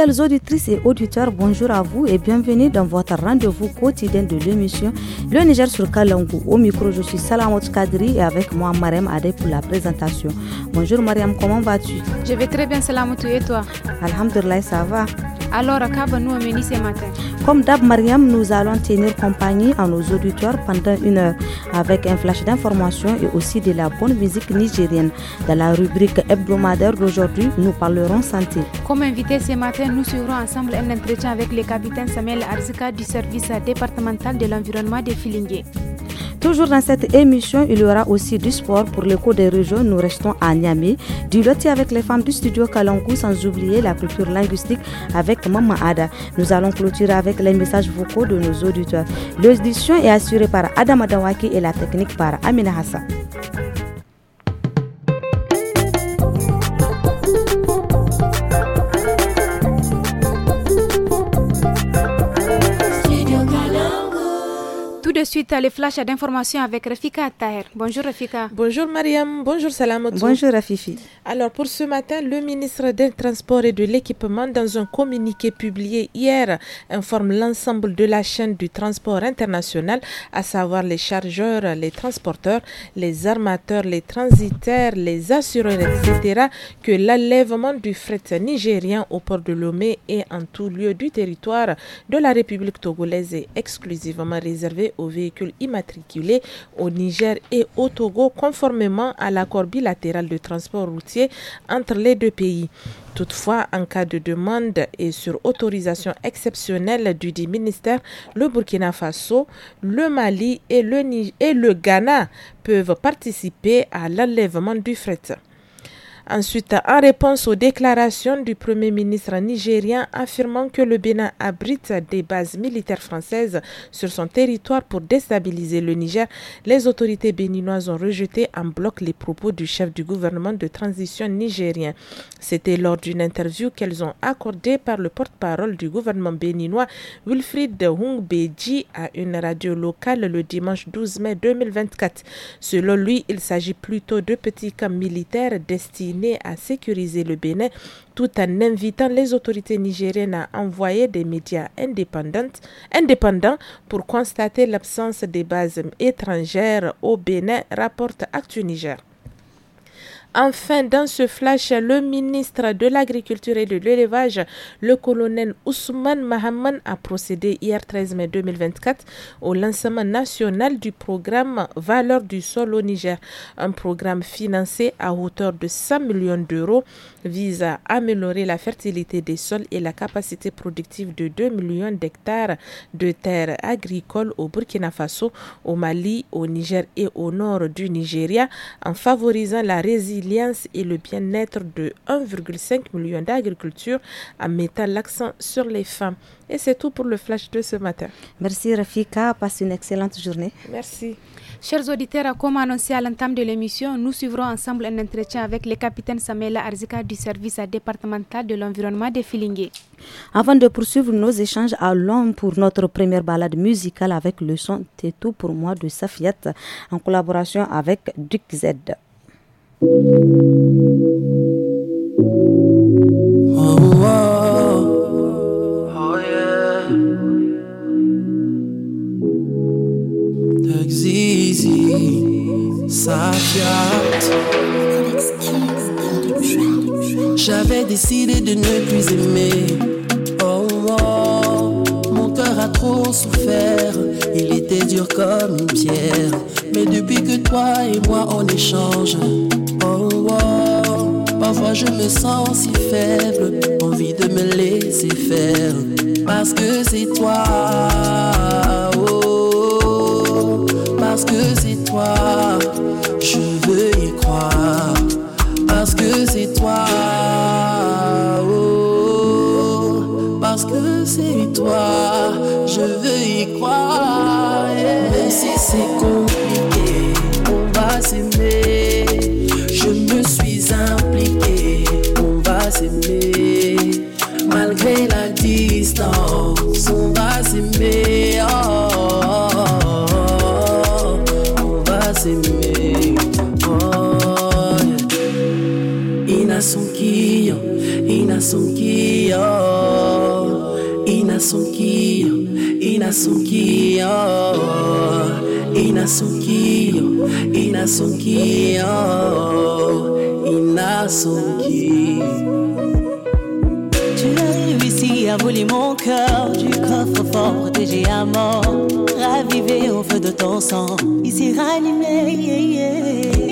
Fidèles auditrices et auditeurs, bonjour à vous et bienvenue dans votre rendez-vous quotidien de l'émission Le Niger sur Kalangu. Au micro, je suis Salamot Kadri et avec moi Mariam Adé pour la présentation. Bonjour Mariam, comment vas-tu Je vais très bien Salamot et toi Alhamdulillah, ça va. Alors, nous ce matin Comme d'hab, Mariam, nous allons tenir compagnie à nos auditeurs pendant une heure avec un flash d'informations et aussi de la bonne musique nigérienne. Dans la rubrique hebdomadaire d'aujourd'hui, nous parlerons santé. Comme invité ce matin, nous suivrons ensemble un entretien avec le capitaine Samuel Arzika du service départemental de l'environnement de Filingué. Toujours dans cette émission, il y aura aussi du sport pour l'écho des régions. Nous restons à Niamey, du loti avec les femmes du studio Kalankou, sans oublier la culture linguistique avec Mama Ada. Nous allons clôturer avec les messages vocaux de nos auditeurs. L'audition est assurée par Adam Adawaki et la technique par Amina Hassan. suite à les flashs d'informations avec Rafika Taher. Bonjour Rafika. Bonjour Mariam, bonjour Salamotou. Bonjour Rafifi. Alors pour ce matin, le ministre des Transports et de l'Équipement, dans un communiqué publié hier, informe l'ensemble de la chaîne du transport international, à savoir les chargeurs, les transporteurs, les armateurs, les transitaires, les assureurs, etc., que l'enlèvement du fret nigérien au port de Lomé est en tout lieu du territoire de la République togolaise est exclusivement réservé aux véhicules immatriculés au Niger et au Togo conformément à l'accord bilatéral de transport routier entre les deux pays. Toutefois, en cas de demande et sur autorisation exceptionnelle du dit ministère, le Burkina Faso, le Mali et le, Niger, et le Ghana peuvent participer à l'enlèvement du fret. Ensuite, en réponse aux déclarations du Premier ministre nigérien affirmant que le Bénin abrite des bases militaires françaises sur son territoire pour déstabiliser le Niger, les autorités béninoises ont rejeté en bloc les propos du chef du gouvernement de transition nigérien. C'était lors d'une interview qu'elles ont accordée par le porte-parole du gouvernement béninois, Wilfried Hongbeji, à une radio locale le dimanche 12 mai 2024. Selon lui, il s'agit plutôt de petits camps militaires destinés à sécuriser le Bénin tout en invitant les autorités nigériennes à envoyer des médias indépendants pour constater l'absence des bases étrangères au Bénin, rapporte Actu Niger. Enfin, dans ce flash, le ministre de l'Agriculture et de l'Élevage, le colonel Ousmane Mahaman, a procédé hier 13 mai 2024 au lancement national du programme Valeur du sol au Niger, un programme financé à hauteur de 100 millions d'euros vise à améliorer la fertilité des sols et la capacité productive de 2 millions d'hectares de terres agricoles au Burkina Faso, au Mali, au Niger et au nord du Nigeria en favorisant la résilience et le bien-être de 1,5 million d'agriculteurs, en mettant l'accent sur les femmes. Et c'est tout pour le flash de ce matin. Merci Rafika, passe une excellente journée. Merci. Chers auditeurs, comme annoncé à l'entame de l'émission, nous suivrons ensemble un entretien avec le capitaine Samela Arzika du service départemental de l'environnement des Filingué. Avant de poursuivre nos échanges, allons pour notre première balade musicale avec le son T'es tout pour moi de Safiat en collaboration avec Duc Z. Oh, oh, oh sa easy, J'avais décidé de ne plus aimer. Oh, oh, mon cœur a trop souffert. Il était dur comme une pierre. Mais depuis que toi et moi on échange, oh, oh Parfois je me sens si faible, envie de me laisser faire. Parce que c'est toi, oh, parce que c'est toi, je veux y croire. Parce que c'est toi, oh, parce que c'est toi, je veux y croire. Même si c'est compliqué, on va s'aimer. Je me suis un Malgré la distance, on va s'aimer. É oh, oh, oh, on va s'aimer. É inasonquillo, ina inasonquillo, inasonquillo. Inasonquillo, inasonquillo, inasonquillo. J'ai voulu mon cœur du coffre-fort protégé à mort, ravivé au feu de ton sang. Ici ranimé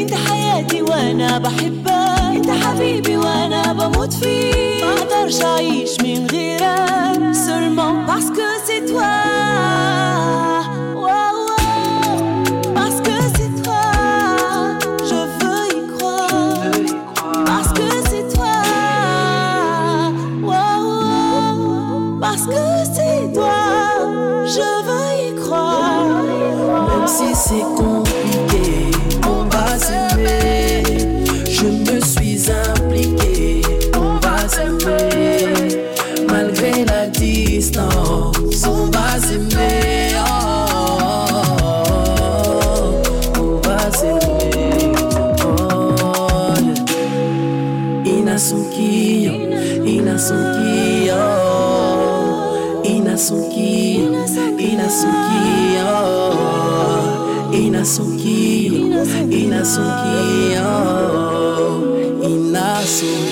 انت حياتي وانا بحبك انت حبيبي وانا بموت فيك ما اقدرش اعيش من غيرك seulement parce que c'est toi se secou. inasukio inasukio inasukio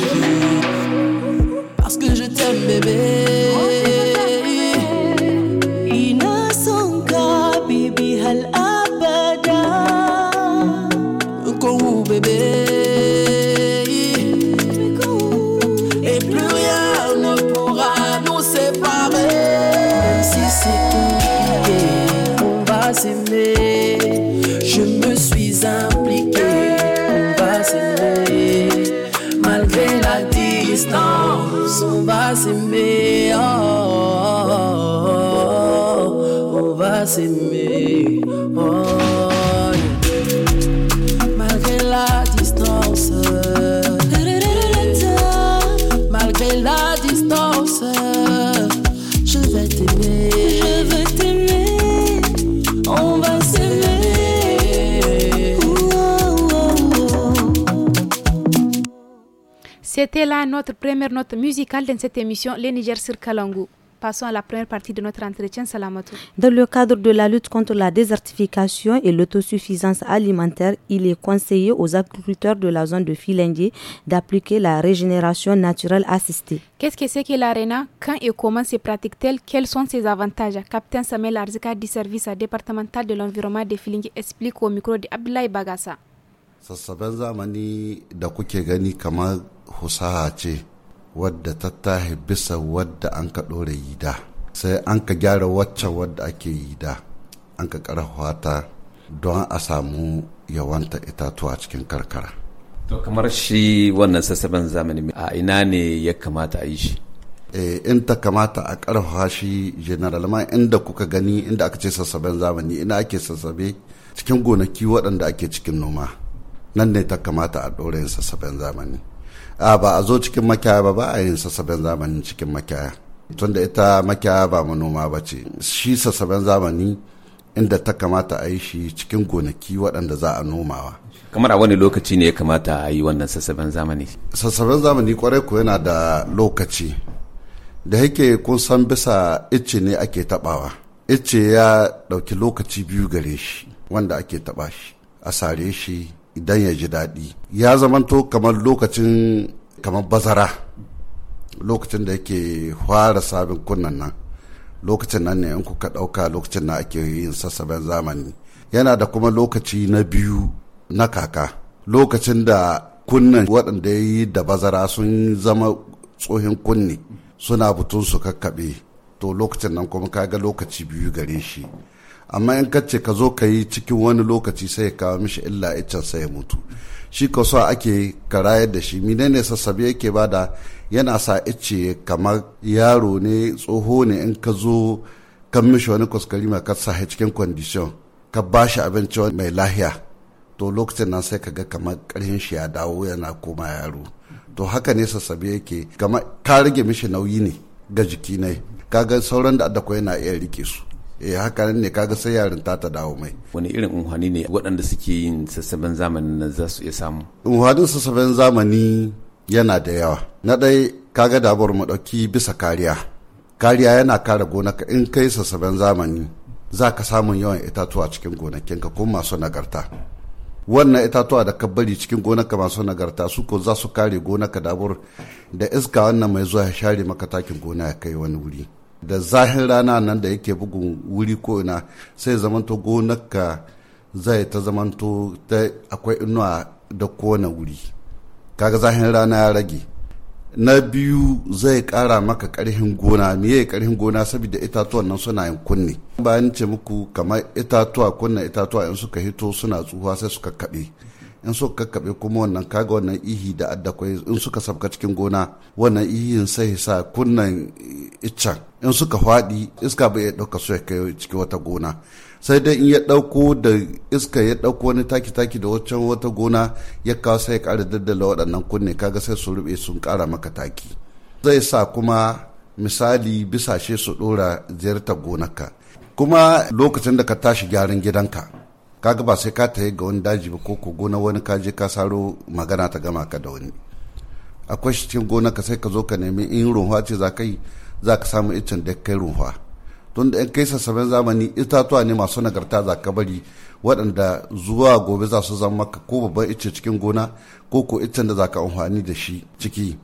C'est là notre première note musicale dans cette émission, les Niger sur Kalangu. Passons à la première partie de notre entretien, Salamatou. Dans le cadre de la lutte contre la désertification et l'autosuffisance alimentaire, il est conseillé aux agriculteurs de la zone de Filengi d'appliquer la régénération naturelle assistée. Qu'est-ce que c'est que l'ARENA Quand et comment se pratique-t-elle Quels sont ses avantages Captain Samuel Arzika du service départemental de l'environnement de Filingue, explique au micro de Abdoulaye Bagassa. Ça husaha ce wadda ta tahi bisa wadda an ka ɗora yi da sai an ka gyara wacce wadda ake yi da an ka ƙarfafa ta don a samu yawanta itatuwa cikin karkara to kamar shi wannan sassaben zamani a ina ne ya kamata a yi shi eh, in ta kamata a ƙarfafa shi general ma inda kuka gani inda aka ce sassaben zamani ina ake sassabe cikin gonaki waɗanda ake cikin noma nan ne ta kamata a ɗora yin sassaben zamani a ba a zo cikin makiyaya ba ba a yin sassaben zamani cikin makiyaya Tun da ita makiyaya ba manoma ba ce shi sassaben zamani inda ta kamata a yi shi cikin gonaki waɗanda za a nomawa kamar a wani lokaci ne ya kamata a yi wannan sassaben zamani sassaben zamani kwarai ko yana da lokaci da yake kun san bisa icce ne ake taɓawa. icce ya ɗauki lokaci biyu gare shi wanda ake taɓa shi a sare shi idan ya ji daɗi ya zamanto kamar lokacin kamar bazara lokacin da yake fara sabin kunnan nan lokacin nan ne in kuka ɗauka lokacin na ake yin sassaben zamani yana da kuma lokaci na biyu na kaka lokacin da kunnan waɗanda ya yi da bazara sun zama tsohin kunne suna butun su kakkaɓe to lokacin nan kuma kaga lokaci biyu gare shi amma in ka ce ka zo ka yi cikin wani lokaci sai ka kawo mishi illa iccen sai ya mutu shi ka so ake karayar da shi menene sassabe yake bada yana sa icce kamar yaro ne tsoho ne in ka zo kan mishi wani kuskari ma ka sa cikin kwandishon ka ba shi abinci mai lahiya to lokacin na sai ka ga kamar ƙarfin shi ya dawo yana koma yaro to haka ne sassabe yake kamar ka rage mishi nauyi ne ga jiki ne kaga sauran da adda na iya rike su e haka nan ne kaga sai yarin ta ta dawo mai wani irin unhwani ne waɗanda suke yin sassaben zamani na za su iya samu unhwani sassaben zamani yana da yawa na ɗai kaga dabar mu ɗauki bisa kariya kariya yana kare gonaka in kai sassaben zamani za ka samun yawan itatuwa cikin gonakinka ko masu nagarta wannan itatuwa da ka bari cikin gonaka masu nagarta su ko za su kare gonaka dabur da iska wannan mai zuwa ya share maka takin gona ya kai wani wuri da zahin rana nan da yake bugun wuri ko ina sai zamanto gonarka zai ta zamanto ta akwai inuwa da kowane wuri kaga zahin rana ya rage na biyu zai kara maka karhin gona me miye karhin gona saboda itatuwan nan suna yin kunne bayan ce muku kamar itatuwa kunna itatuwa in suka hito suna tsuhuwa sai suka kaɓe in so kakkaɓe kuma wannan kaga wannan ihi da addakwai in suka sabka cikin gona wannan ihin sai sa kunnan iccen in suka faɗi iska bai ya ɗauka su ya kai cikin wata gona sai dai in ya ɗauko da iska ya ɗauko wani taki-taki da waccan wata gona ya kawo sai ya ƙara daddala waɗannan kunne kaga sai su rube sun ƙara maka taki zai sa kuma misali bisashe su ɗora ziyartar gonarka kuma lokacin da ka tashi gyaran gidanka kaga ba sai ka tayi ga wani daji ba ko ko gona wani ka je ka saro magana ta gama ka da wani akwai shi cikin gona ka sai ka zo ka nemi in runfa ce za ka yi za ka samu icin da kai runhuwa tun da in kai sassaben zamani itatuwa ne masu nagarta za ka bari waɗanda zuwa gobe za su zama maka ko babban icce cikin gona ko ko icin da za ka amfani da shi ciki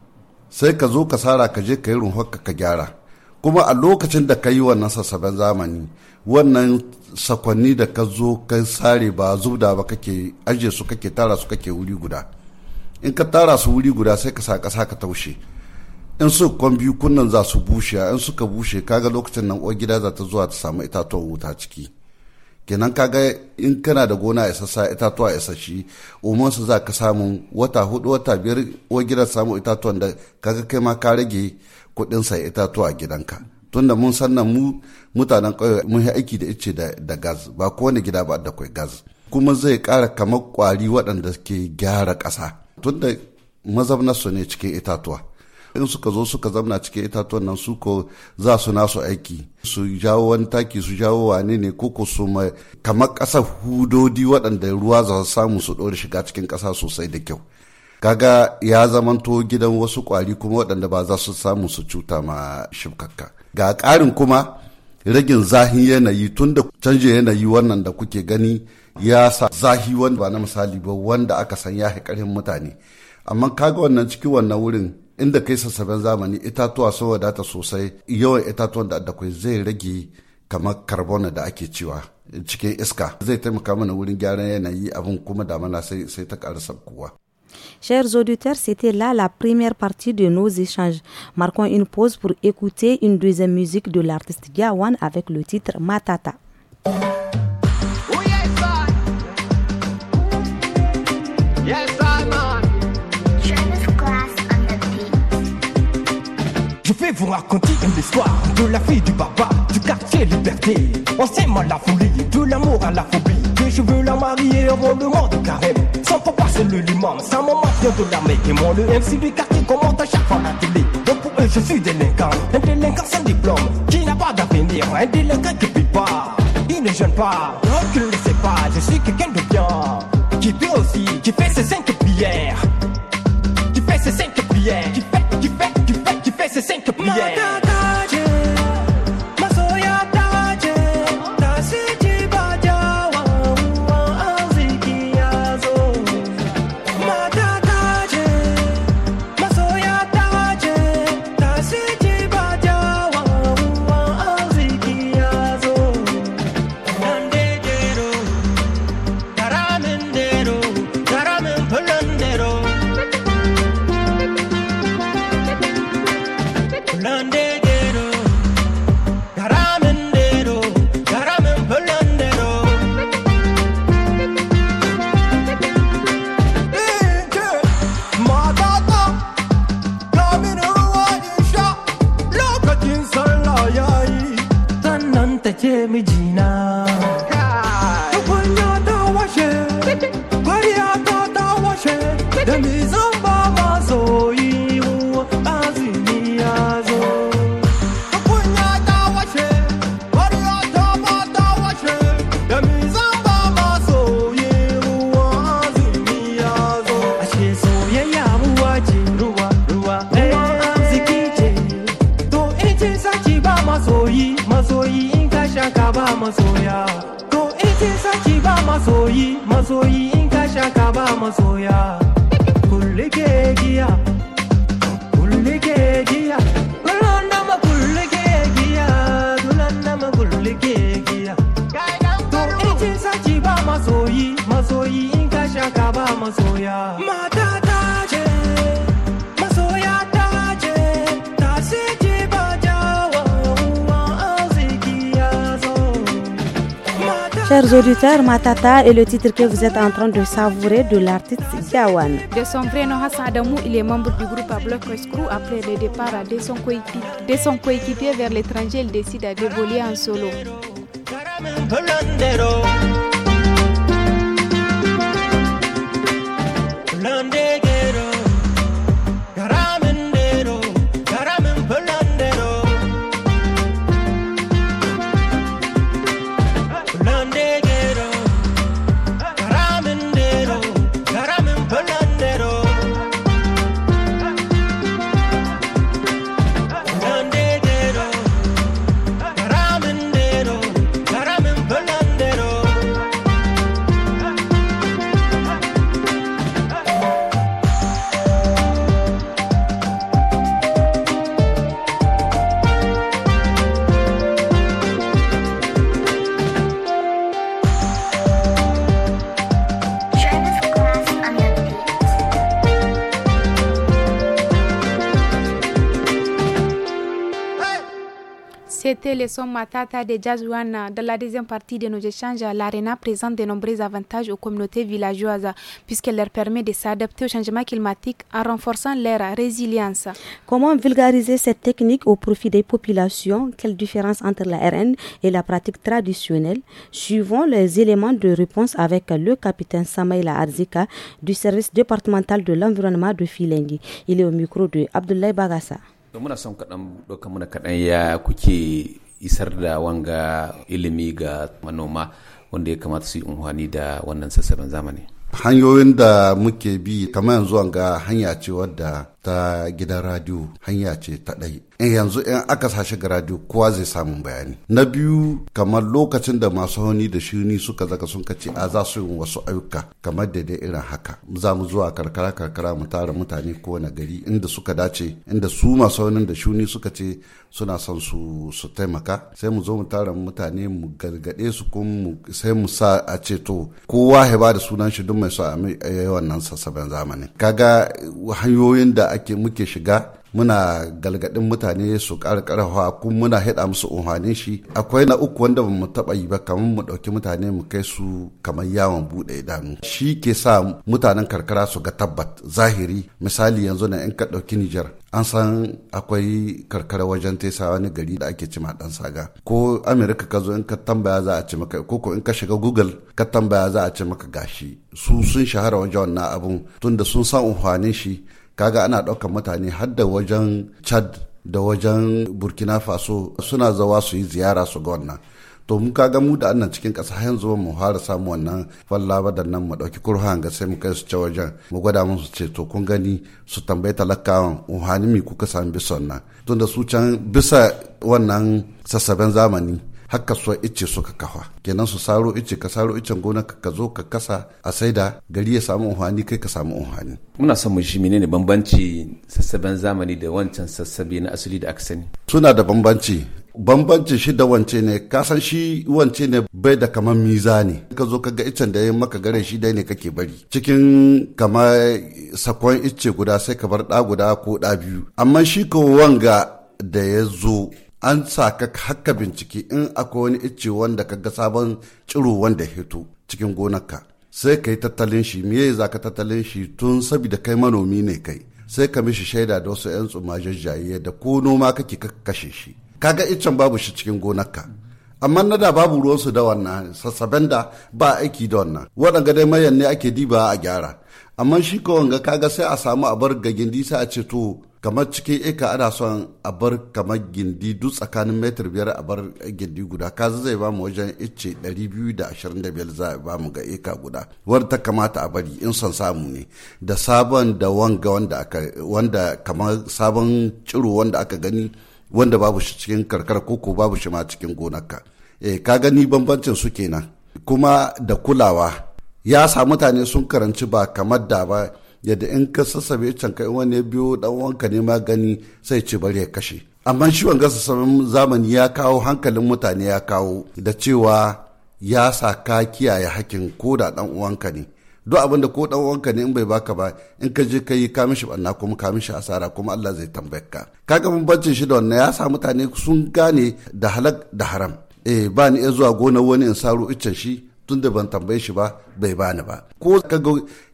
sai ka zo ka sara ka je ka yi runhuwa ka gyara kuma a lokacin da ka yi wannan sassaben zamani wannan sakonni da ka zo ka sare ba zubda ba kake aje su kake tara su kake wuri guda in ka tara su wuri guda sai ka sa ƙasa ka taushe in su kwan biyu kunnan za su bushe in suka bushe kaga lokacin nan uwar gida za ta zuwa ta samu itatuwan wuta ciki kenan kaga in kana da gona sassa itatuwa sashi umar su za ka samu wata hudu wata biyar uwar gida samu itatuwan da kaga kai ma ka rage kuɗin sai itatuwa gidanka tunda mun san nan mu mutanen ƙauye mun yi aiki da ice da gas ba kowane gida ba da kwai gas kuma zai ƙara kamar ƙwari waɗanda ke gyara ƙasa tunda mazaunar su ne cikin itatuwa in suka zo suka zamna cikin itatuwan nan su ko za su nasu aiki su jawo wani taki su jawo wane ne ko ko su mai kamar ƙasar hudodi waɗanda ruwa za su samu su ɗora shiga cikin ƙasa sosai da kyau kaga ya zamanto gidan wasu ƙwari kuma waɗanda ba za su samu su cuta ma shimkakka ga ƙarin kuma ragin zahin yanayi tun da canje yanayi wannan da kuke gani ya sa zahi wanda ba na misali ba wanda aka san ya ƙarfin mutane amma kaga wannan cikin wannan wurin inda kai sassaben zamani itatuwa sun wadata sosai yawan itatuwan da da zai rage kamar carbon da ake cewa cikin iska zai taimaka mana wurin gyaran yanayi abin kuma damana sai ta ƙara sabkuwa Chers auditeurs, c'était là la première partie de nos échanges. Marquons une pause pour écouter une deuxième musique de l'artiste Gawan avec le titre Matata. Je vais vous raconter une histoire de la fille du papa du quartier Liberté. On s'aime à la folie, de l'amour à la phobie. Que je veux la marier avant le monde carême. Faut passer le limon, ça maman vient de l'armée et moi le MC du quartier commente à chaque fois la télé. Donc pour eux, je suis délinquant. Un délinquant sans diplôme qui n'a pas d'avenir. Un délinquant qui pue pas. Il ne jeûne pas. Donc ne sais sait pas. Je suis quelqu'un de bien. Qui pue aussi. Qui fait ses cinq prières. Qui fait ses cinq prières. Qui fait, qui fait, qui fait, qui fait ses cinq prières. auditeurs, Matata est le titre que vous êtes en train de savourer de l'artiste Gawan. De son vrai nom, Hassan Adamou, il est membre du groupe à bloc Crew. Après le départ de son coéquipier vers l'étranger, il décide à voler en solo. C'était le son Matata de Dans la deuxième partie de nos échanges, l'ARENA présente de nombreux avantages aux communautés villageoises puisqu'elle leur permet de s'adapter au changement climatique en renforçant leur résilience. Comment vulgariser cette technique au profit des populations Quelle différence entre la RN et la pratique traditionnelle Suivons les éléments de réponse avec le capitaine Samaïla Arzika du service départemental de l'environnement de Filengi. Il est au micro de Abdoulaye Bagassa. da muna son kaɗan ɗaukar muna kaɗan ya kuke isar da wanga ilimi ga manoma wanda ya kamata su yi unhwani da wannan sassaben zamani hanyoyin da muke bi kamar yanzu wanga hanya ce wadda ta gidan radiyo hanya ce ta ɗai in eh, yanzu in aka sashi ga radiyo kowa zai samun bayani na biyu kamar lokacin da masu hauni da shuni suka zaka sun ce a za su yi wasu ayyuka kamar da dai irin haka za mu zuwa karkara karkara mu tara mutane na gari inda suka dace inda su masu hauni da shuni suka ce suna son su taimaka sai mu zo mu tara mutane mu gargaɗe su kuma sai mu sa a ce to kowa ya ba da sunan shi duk mai sa a yawan nan sassaben zamani kaga hanyoyin da ake muke shiga muna galgadin mutane su kara hawa kuma muna haɗa musu umarnin shi akwai na uku wanda mu taɓa yi ba kamar mu ɗauki mutane mu kai su kamar yawon buɗe idanu shi ke sa mutanen karkara su ga tabbat zahiri misali yanzu na in ka ɗauki Nijar an san akwai karkara wajen tesa wani gari da ake cima ɗan saga ko Amerika ka zo in ka tambaya za a ce maka ko ko in ka shiga Google ka tambaya za a ce maka gashi su sun shahara wajen wannan abun tunda sun san umarnin shi kaga ana ɗaukar mutane har da wajen chad da wajen burkina faso suna zawa su yi ziyara su ga wannan to mu kaga mu da annan cikin ƙasa har yanzu mu fara samu wannan fallaba da nan mu ɗauki kurhan ga sai mu kai su ce wajen mu gwada su ce to kun gani su tambayi talakawan uhani mi kuka sami bisa wannan tunda su can bisa wannan sassaben zamani har so ice suka kafa kenan su saro ice ka saro icen gona ka zo ka kasa a saida gari ya samu unhani kai ka samu unhani muna son mu shi menene bambanci sassaben zamani da wancan sassabe na asali da aka sani suna da bambanci bambancin shi da wance ne kasan shi wance ne bai da kamar ne. ka zo ka ga icen da ya maka gare shi dai ne kake bari cikin kama sakon ice guda sai ka bar ɗa guda ko da biyu amma shi ko wanga da ya zo an sa ka haka binciki in akwai wani icce wanda ka ga sabon ciro wanda hito cikin gonarka sai ka yi tattalin shi me za ka tattalin shi tun saboda kai manomi ne kai sai ka mishi shaida da wasu 'yan tsumajajjaye da ko noma kake kashe shi kaga iccen babu shi cikin gonarka amma na da babu su da wannan sassaben da ba aiki da wannan waɗanga dai mayan ne ake diba a gyara amma shi ka wanga kaga sai a samu a bar gagin disa a ce to kamar cikin eka ana son a bar kamar gindi duk tsakanin metar biyar a bar gindi guda kaza zai ba mu wajen ice 225 za a ba mu ga eka guda wanda ta kamata a bari in son samu ne da sabon da wanga wanda aka wanda kamar sabon ciro wanda aka gani wanda babu shi cikin karkar koko babu shi ma cikin gonarka eh ka gani bambancin su kenan kuma da kulawa ya sa mutane sun karanci ba kamar da ba yadda in ka sassabe can kai wani biyo dan wanka ne magani, sai ce bari ya kashe amma shi wanga sassaben zamani ya kawo hankalin mutane ya kawo da cewa ya sa ka kiyaye hakkin ko da dan uwanka ne duk abin da ko dan uwanka ne in bai baka ba in ka je ka yi ka mishi banna kuma ka mishi asara kuma Allah zai tambaye ka kaga bambancin shi da wannan ya sa mutane sun gane da halak da haram eh ba ni zuwa gonar wani in saro iccen shi tun da ban tambaye shi ba bai bani ba ko ka ga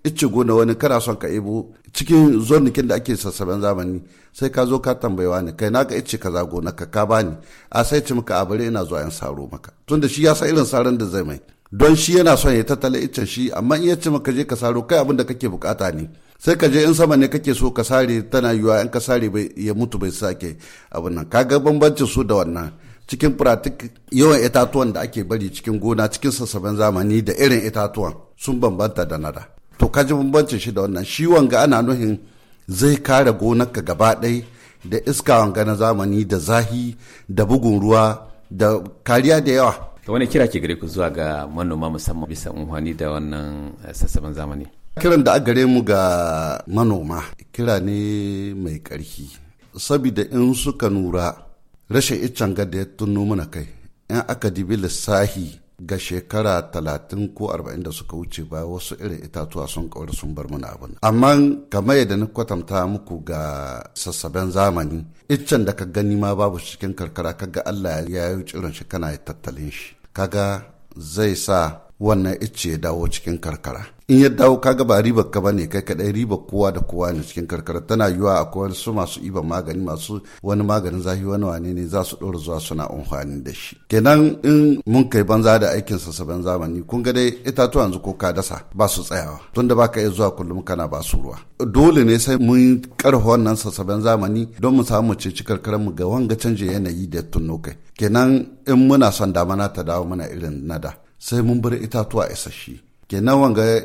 ice gona wani kana son ka ibo cikin zornikin da ake sassaben zamani sai ka zo ka tambaye wani kai na ga ice za gona ka ka bani a sai ci muka abare ina zuwa yan saro maka tun da shi ya san irin saran da zai mai don shi yana son ya tattala icen shi amma in ya ce maka je ka saro kai abin da kake bukata ne sai ka je in sama ne kake so ka sare tana yiwa in ka sare ya mutu bai sake abin nan ga bambancin su da wannan cikin pratik yawan itatuwan da ake bari cikin gona cikin sassaben zamani da irin itatuwan sun bambanta da nada to ka ji bambancin shi da wannan shi wanga ana nuhin zai kare gonarka gaba ɗai da iska wanga na zamani da zahi da bugun ruwa da kariya da yawa da wani kira ke gare ku zuwa ga manoma musamman bisa unhwani da wannan eh, sassaben zamani kiran da a gare mu ga manoma kira ne mai ƙarfi sabida in suka nura rashin iccen da ya tunno mana kai yan aka dibi lissahi ga shekara talatin ko arba'in da suka wuce ba wasu irin itatuwa sun kawar sun bar mana abin amma kamar yadda na kwatanta muku ga sassaben zamani iccen da ka gani ma babu cikin karkara kaga Allah ya yi cirin shi kana ya tattalin shi kaga zai sa wannan icce ya dawo cikin karkara in ya dawo kaga ba riba ka bane kai kadai riba kowa da kowa ne cikin karkara tana yiwa akwai wasu masu iban magani masu wani maganin zafi wani wane ne za su ɗora zuwa suna amfani da shi kenan in mun kai banza da aikin sassaben zamani kun ga dai itatuwa yanzu ko ka dasa ba su tsayawa tunda ba ka iya zuwa kullum kana ba su ruwa dole ne sai mun karfa wannan sassaben zamani don mu samu ceci karkarar mu ga wanga canje yanayi da tunno kai kenan in muna son damana ta dawo mana irin nada sai mun bar itatuwa isasshe kenan wanga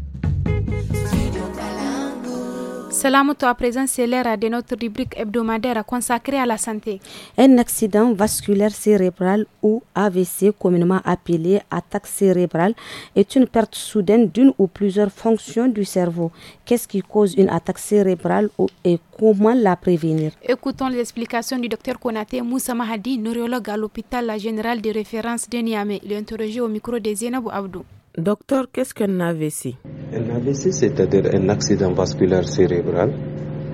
Salamoto, à présent, c'est l'heure de notre rubrique hebdomadaire consacrée à la santé. Un accident vasculaire cérébral ou AVC, communément appelé attaque cérébrale, est une perte soudaine d'une ou plusieurs fonctions du cerveau. Qu'est-ce qui cause une attaque cérébrale et comment la prévenir Écoutons les explications du docteur Konate Moussa Mahadi, neurologue à l'hôpital général de référence de Niamey. Il interrogé au micro de Docteur, qu'est-ce qu'un AVC Un AVC, c'est-à-dire un accident vasculaire cérébral,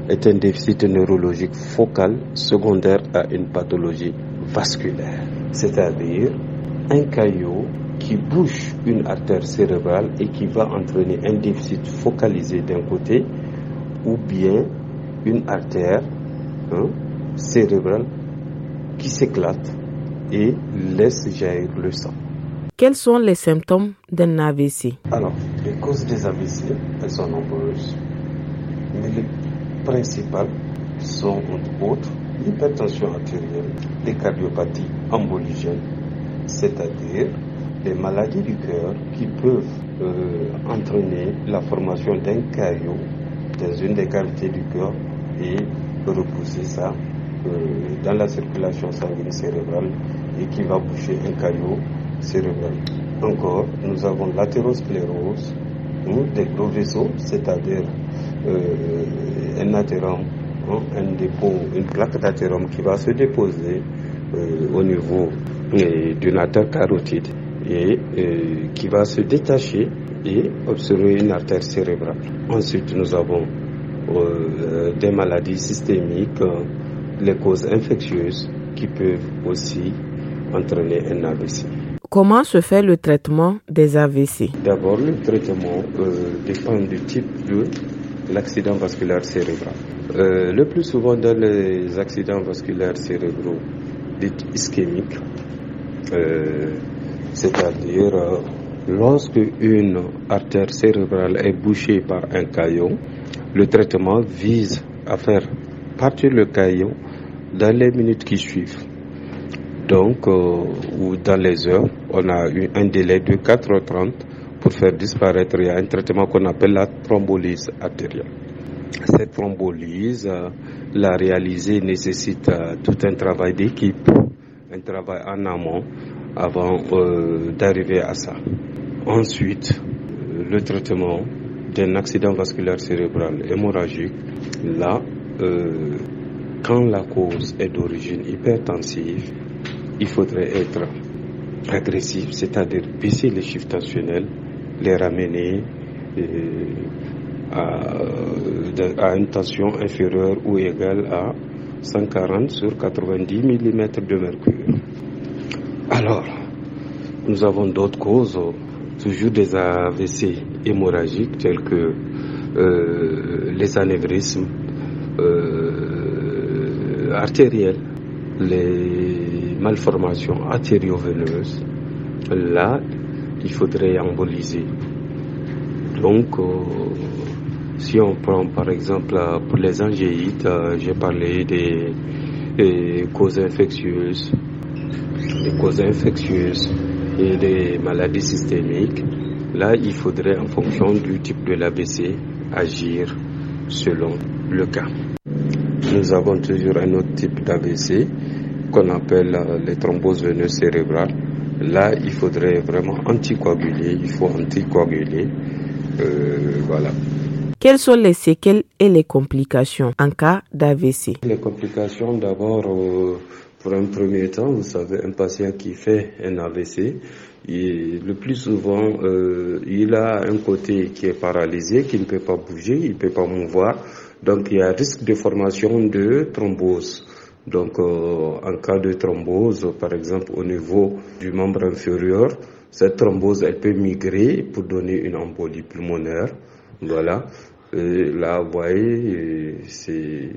est un déficit neurologique focal secondaire à une pathologie vasculaire, c'est-à-dire un caillot qui bouche une artère cérébrale et qui va entraîner un déficit focalisé d'un côté ou bien une artère hein, cérébrale qui s'éclate et laisse jaillir le sang. Quels sont les symptômes d'un AVC Alors, les causes des AVC, elles sont nombreuses. Mais les principales sont entre autres l'hypertension artérielle, les cardiopathies emboligènes, c'est-à-dire les maladies du cœur qui peuvent euh, entraîner la formation d'un caillot dans une des cavités du cœur et repousser ça euh, dans la circulation sanguine cérébrale et qui va boucher un caillot encore, nous avons l'athérosclérose, des gros vaisseaux, c'est-à-dire euh, un hein, un dépôt, une plaque d'athérome qui va se déposer euh, au niveau euh, d'une artère carotide et qui va se détacher et observer une artère cérébrale. Ensuite, nous avons des maladies systémiques, hein, les causes infectieuses qui peuvent aussi entraîner un AVC. Comment se fait le traitement des AVC D'abord, le traitement euh, dépend du type de l'accident vasculaire cérébral. Euh, le plus souvent dans les accidents vasculaires cérébraux dits ischémiques, euh, c'est-à-dire lorsque une artère cérébrale est bouchée par un caillon, le traitement vise à faire partir le caillon dans les minutes qui suivent, donc ou dans les heures, on a eu un délai de 4h30 pour faire disparaître Il un traitement qu'on appelle la thrombolyse artérielle. Cette thrombolyse, euh, la réaliser nécessite euh, tout un travail d'équipe, un travail en amont avant euh, d'arriver à ça. Ensuite, le traitement d'un accident vasculaire cérébral hémorragique, là, quand la cause est d'origine hypertensive, il faudrait être c'est-à-dire baisser les chiffres tensionnels, les ramener euh, euh, à, une tension inférieure ou égale à 140 sur 90 mm de mercure. Alors, nous avons d'autres causes, toujours des AVC hémorragiques tels que euh, les anévrismes artériels, les malformation artério là, il faudrait emboliser. Donc, euh, si on prend par exemple euh, pour les angéites, euh, j'ai parlé des, causes infectieuses, des causes infectieuses et des maladies systémiques. Là, il faudrait, en fonction du type de l'ABC, agir selon le cas. Nous avons toujours un autre type d'ABC appelle euh, les thromboses veineuses cérébrales. Là, il faudrait vraiment anticoaguler, il faut anticoaguler. Euh, voilà. Quelles sont les séquelles et les complications en cas d'AVC Les complications, d'abord, euh, pour un premier temps, vous savez, un patient qui fait un AVC, et le plus souvent, il a un côté qui est paralysé, qui ne peut pas bouger, il ne peut pas mouvoir. Donc, il y a risque de formation de thrombose. Donc euh, en cas de thrombose, par exemple au niveau du membre inférieur, cette thrombose, elle peut migrer pour donner une embolie pulmonaire. Voilà. là, vous voyez, c'est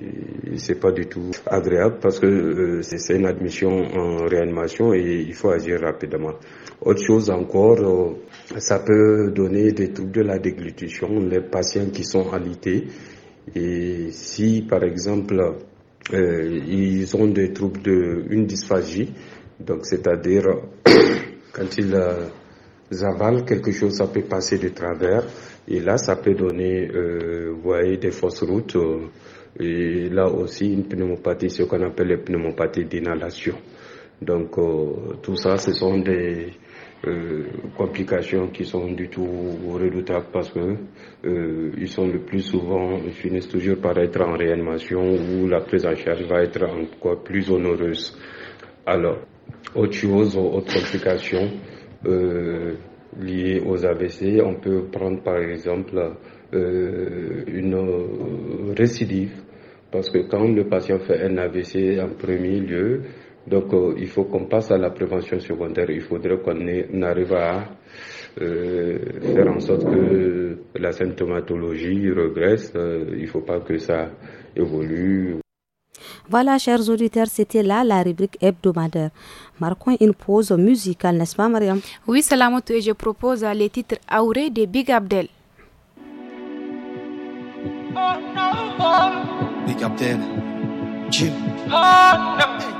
c'est pas du tout agréable parce que euh, c'est une admission en réanimation et il faut agir rapidement. Autre chose encore, euh, ça peut donner des troubles de la déglutition, les patients qui sont alités. Et si, par exemple, euh, ils ont des troubles de une dysphagie, donc c'est-à-dire quand ils euh, avalent quelque chose, ça peut passer de travers et là ça peut donner, euh, vous voyez, des fausses routes. Euh, et là aussi une pneumopathie, ce qu'on appelle les pneumopathie d'inhalation. Donc tout ça, ce sont des euh, complications qui sont du tout redoutables parce que euh, ils sont le plus souvent finissent toujours par être en réanimation où la prise en charge va être encore plus onéreuse. Alors, autre chose, autre complication euh, liée aux AVC, on peut prendre par exemple euh, une récidive parce que quand le patient fait un AVC en premier lieu, donc euh, il faut qu'on passe à la prévention secondaire. Il faudrait qu'on arrive à euh, faire en sorte que la symptomatologie regresse. Euh, il ne faut pas que ça évolue. Voilà, chers auditeurs, c'était là la rubrique hebdomadaire. Marquons une pause musicale, n'est-ce pas, Mariam Oui, Salamoutou, et je propose les titres Auré de Big Abdel. Oh, oh. Big Abdel. Jim. Oh,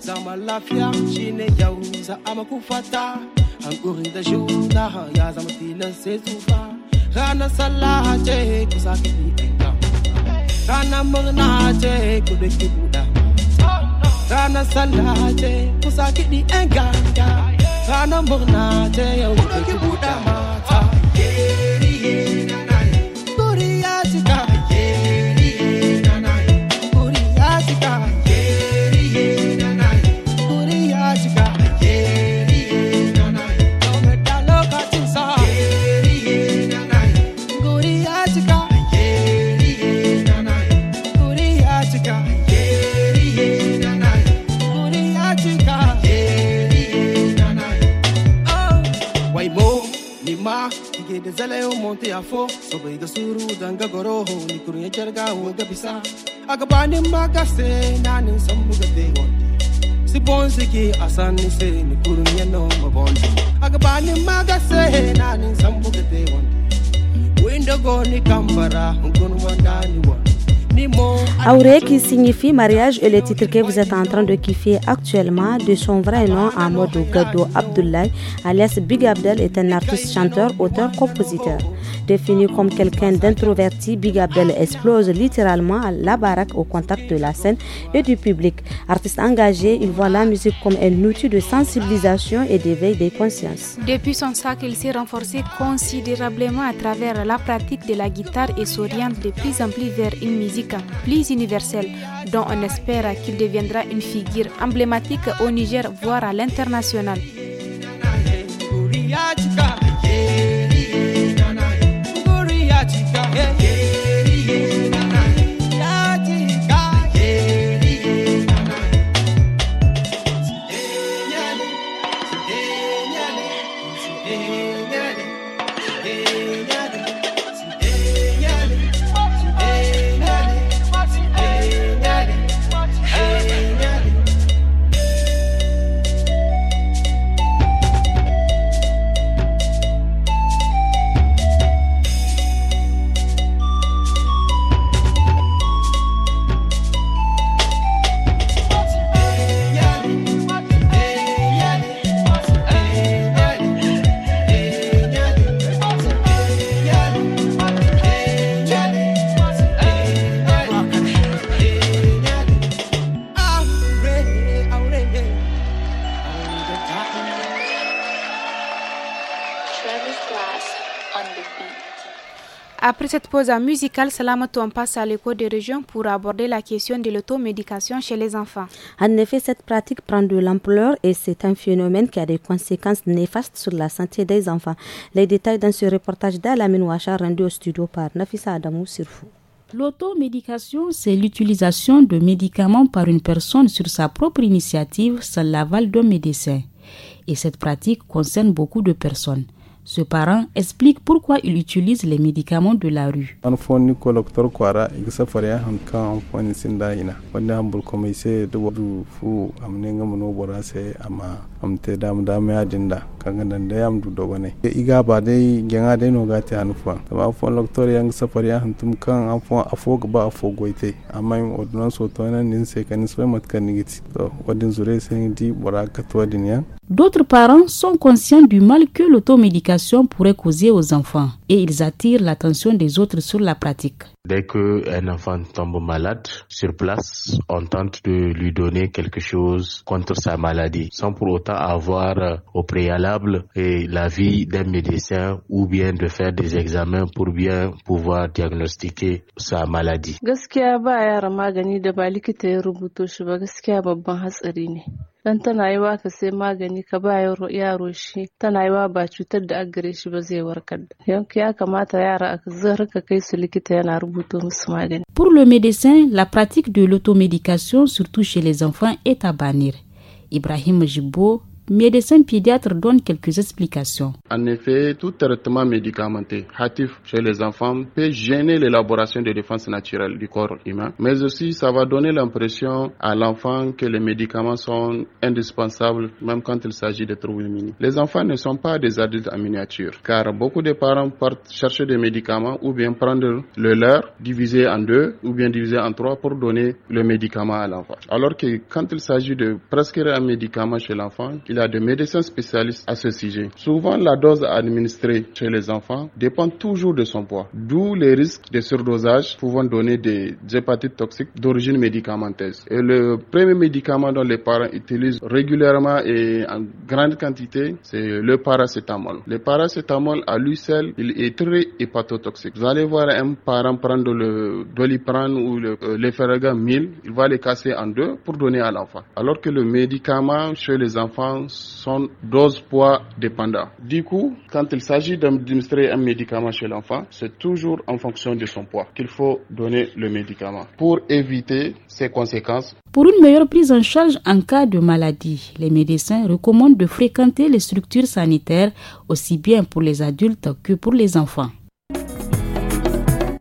zama lafiya shine yau sa'a maku fata hankurin da shuna ya zama tilan sai tsufa ranar sallah ce ku sake ɗinka ranar murna ce ku da ki buɗa ranar ku sake ɗinka ranar murna ce yau da ki ma yafo sobai ga suru danga goroho ni kurun ya jarga wo ga bisa a gabanin magase nanin san mu ga dai wanda si bon siki asan ni se ni kurun ya no ma bon a gabanin magase nanin san mu ga dai wanda winda go ni kambara kun wanda ni wanda Auré qui signifie mariage et le titre que vous êtes en train de kiffer actuellement de son vrai nom mode Gado Abdoulaye alias Big Abdel est un artiste chanteur, auteur, compositeur. Défini comme quelqu'un d'introverti, Bigabel explose littéralement la baraque au contact de la scène et du public. Artiste engagé, il voit la musique comme un outil de sensibilisation et d'éveil des consciences. Depuis son sac, il s'est renforcé considérablement à travers la pratique de la guitare et s'oriente de plus en plus vers une musique plus universelle, dont on espère qu'il deviendra une figure emblématique au Niger, voire à l'international. yeah, yeah. cette pause musicale, Salamato, on passe à l'écho des régions pour aborder la question de l'automédication chez les enfants. En effet, cette pratique prend de l'ampleur et c'est un phénomène qui a des conséquences néfastes sur la santé des enfants. Les détails dans ce reportage d'Alamin Ouacha rendu au studio par Nafisa Adamou Sirfou. L'automédication, c'est l'utilisation de médicaments par une personne sur sa propre initiative sans l'aval d'un médecin. Et cette pratique concerne beaucoup de personnes. Ce parent explique pourquoi il utilise les médicaments de la rue. D'autres parents sont conscients du mal que l'automédication pourrait causer aux enfants et ils attirent l'attention des autres sur la pratique. Dès qu'un enfant tombe malade, sur place, on tente de lui donner quelque chose contre sa maladie, sans pour autant avoir euh, au préalable l'avis d'un médecin ou bien de faire des examens pour bien pouvoir diagnostiquer sa maladie dan tana wa ka sai magani ka ba yaro shi tana wa ba cutar da aggare shi ba zai warkar da ya kamata yara a zarka kai su likita yana rubuto musu magani pour le médecin la pratique de l'automédication surtout chez les enfants est à bannir Ibrahim Jibo médecin pédiatre donne quelques explications. En effet, tout traitement médicamenteux hâtif chez les enfants peut gêner l'élaboration des défenses naturelles du corps humain, mais aussi ça va donner l'impression à l'enfant que les médicaments sont indispensables même quand il s'agit de troubles minimes. Les enfants ne sont pas des adultes en miniature, car beaucoup de parents partent chercher des médicaments ou bien prendre le leur, divisé en deux ou bien divisé en trois pour donner le médicament à l'enfant. Alors que quand il s'agit de prescrire un médicament chez l'enfant, a des médecins spécialistes à ce sujet. Souvent, la dose administrée chez les enfants dépend toujours de son poids, d'où les risques de surdosage pouvant donner des hépatites toxiques d'origine médicamenteuse. Et le premier médicament dont les parents utilisent régulièrement et en grande quantité, c'est le paracétamol. Le paracétamol, à lui seul, il est très hépatotoxique. Vous allez voir un parent prendre le doliprane ou le, euh, 1000, il va les casser en deux pour donner à l'enfant. Alors que le médicament chez les enfants son dose poids dépendant. Du coup, quand il s'agit d'administrer un médicament chez l'enfant, c'est toujours en fonction de son poids qu'il faut donner le médicament pour éviter ces conséquences. Pour une meilleure prise en charge en cas de maladie, les médecins recommandent de fréquenter les structures sanitaires aussi bien pour les adultes que pour les enfants.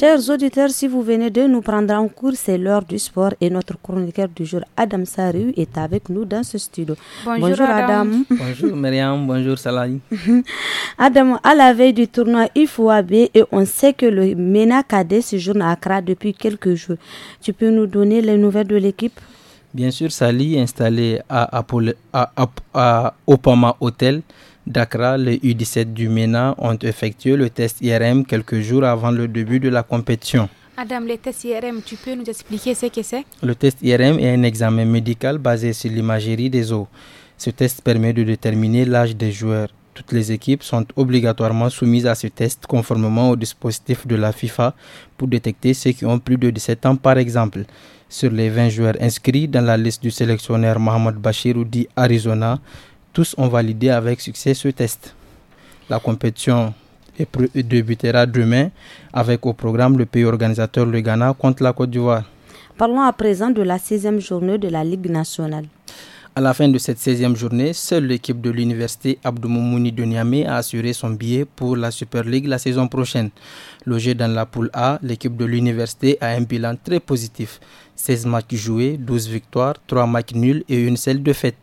Chers auditeurs, si vous venez de nous prendre en cours, c'est l'heure du sport et notre chroniqueur du jour, Adam Saru, est avec nous dans ce studio. Bonjour, Adam. Bonjour Myriam, bonjour Salahi. Adam, à la veille du tournoi IFOAB et on sait que le MENA se séjourne à Accra depuis quelques jours. Tu peux nous donner les nouvelles de l'équipe Bien sûr, est installé à, à Opama Hotel, Dakar, les U17 du MENA ont effectué le test IRM quelques jours avant le début de la compétition. Adam, le test IRM, tu peux nous expliquer ce que c'est Le test IRM est un examen médical basé sur l'imagerie des os. Ce test permet de déterminer l'âge des joueurs. Toutes les équipes sont obligatoirement soumises à ce test conformément au dispositif de la FIFA pour détecter ceux qui ont plus de 17 ans par exemple. Sur les 20 joueurs inscrits dans la liste du sélectionneur Mohamed Bachir Arizona, tous ont validé avec succès ce test. La compétition débutera demain avec au programme le pays organisateur le Ghana contre la Côte d'Ivoire. Parlons à présent de la 16e journée de la Ligue nationale. À la fin de cette 16e journée, seule l'équipe de l'université Abdoumouni de Niamey a assuré son billet pour la Super League la saison prochaine. Logée dans la poule A, l'équipe de l'université a un bilan très positif. 16 matchs joués, 12 victoires, 3 matchs nuls et une de fête.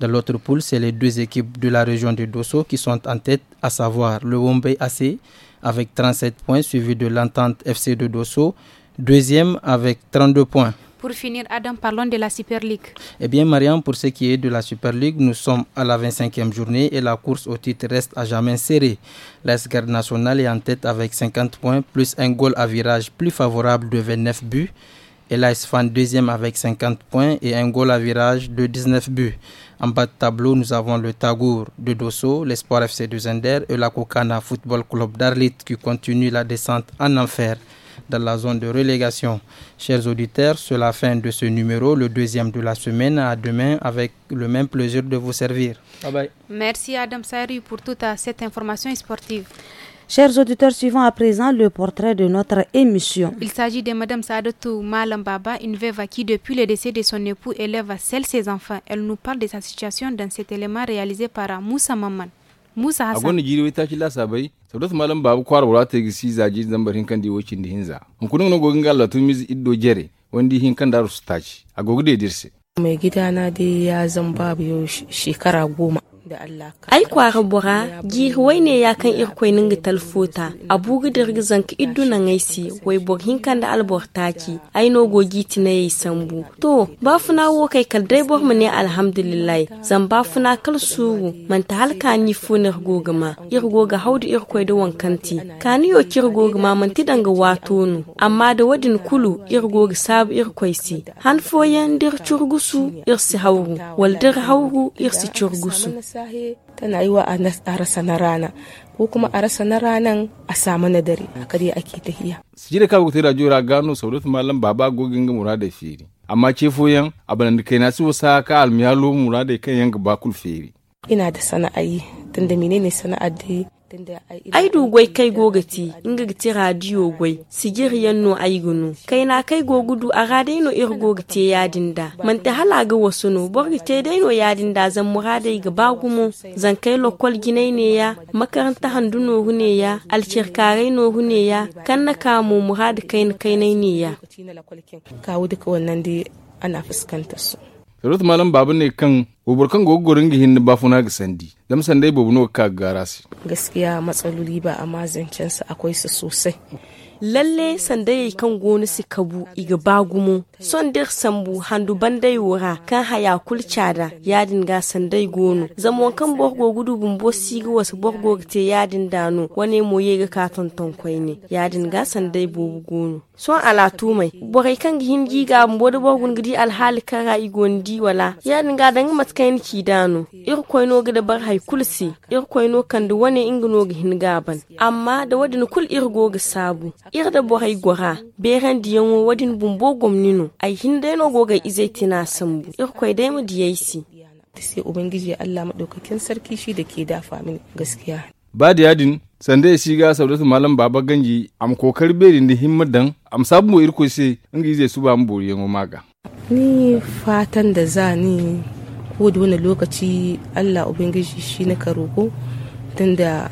Dans l'autre poule, c'est les deux équipes de la région de Dosso qui sont en tête, à savoir le Wombey AC avec 37 points, suivi de l'entente FC de Dosso, deuxième avec 32 points. Pour finir, Adam, parlons de la Super League. Eh bien, Marianne, pour ce qui est de la Super League, nous sommes à la 25e journée et la course au titre reste à jamais serrée. L'Esgarde nationale est en tête avec 50 points, plus un goal à virage plus favorable de 29 buts. Et Fan deuxième avec 50 points et un goal à virage de 19 buts. En bas de tableau, nous avons le Tagour de Dosso, l'Espoir FC de Zender et la Kokana Football Club d'Arlit qui continue la descente en enfer dans la zone de relégation. Chers auditeurs, c'est la fin de ce numéro, le deuxième de la semaine. À demain, avec le même plaisir de vous servir. Merci Adam Sary pour toute cette information sportive. Chers auditeurs, suivons à présent le portrait de notre émission. Il s'agit de Madame Sadotou Malambaba, une veuve qui, depuis le décès de son époux, élève à celle ses enfants. Elle nous parle de sa situation dans cet élément réalisé par Moussa Maman. Musa Hassan. Agwani jiri wai taki lasa bai. Sabdat malam babu kwara wala ta gisi zaji zambar hinkan di wacin di hinza. Hunkunin na gogin galla tun mizi iddo jere wanda hinkan daru su taci. A gogi da dirse. Mai gidana dai ya zan babu yau shekara goma. ai kwara bora gi wai ne ya kan irkwai ninga talfota a bugu da ka iddu na ngaisi wai borhin kan da albor taki ai no gogi na yayi sambu to ba funa wo kai kal dai bor mu ne alhamdulillah zan ba funa kal suru man ta halka ni funar gogama ir goga haudu irkwai da wankanti kani yo kir gogama man ti danga wato nu amma da wadin kulu ir goga sab irkwai si han foyan dir churgusu ir si hauru wal dir hauru ir si churgusu sahe tana yi wa a rasa na rana ko kuma a rasa na ranan a samu na dare a kare ake tahiya. Sijira da kuta da jura gano saurat malam baba gogin ga da feri amma ce foyan abin da kai nasu wasa ka almiyalo murada kan yanga bakul feri. Ina da sana'ayi tunda menene sana'ar da aidu gwai kai gogati inga gati radio gwai sigir yanno aigunu kai na kai gogudu a radaino ir gogate yadin da man ta halaga wasu no borgate daino yadin da zan muradai ga bagumo zan kai lokol ginai ne ya makaranta handu no hune ya alcirkarai no hune ya kan na kamo murad kai kai ne ya kawo duka wannan dai ana fuskantar su Ruth malam babu ne kan boborkan gogorin gihin ba funa ga sandi dam sandai bobu no ka garasi gaskiya matsaloli ba amma zancen su akwai su sosai lalle sandai kan goni si kabu iga bagumo dir sambu handu bandai wura kan haya kulcada, yadin ga sandai gono zamon kan borgo gudu bumbo ga wasu borgo te yadin dano wani moye ga katon tonkwai ne yadin ga sandai bobu gono son alatu mai borai kan gihin giga bumbo da borgon gidi alhali kan igon gondi wala yadin ga dan matkain ki dano irkoino ga da bar haikulsi irkoino kan da wani ingino gihin gaban amma da wadin kul irgo ga sabu irda borai gora beren diyan wo wadin bumbo gomnino ai hindai no goga izai tina sambu irkwai dai mu diyaisi sai ubangiji Allah maɗaukakin sarki shi da ke dafa mini gaskiya ba da yadin sanda ya shiga saudatu malam baba ganji am kokar berin da himmar dan am sabu irko sai ingi zai su ba mu boriyan maga ni fatan da za ni ko da wani lokaci Allah ubangiji shi na karoko ko tunda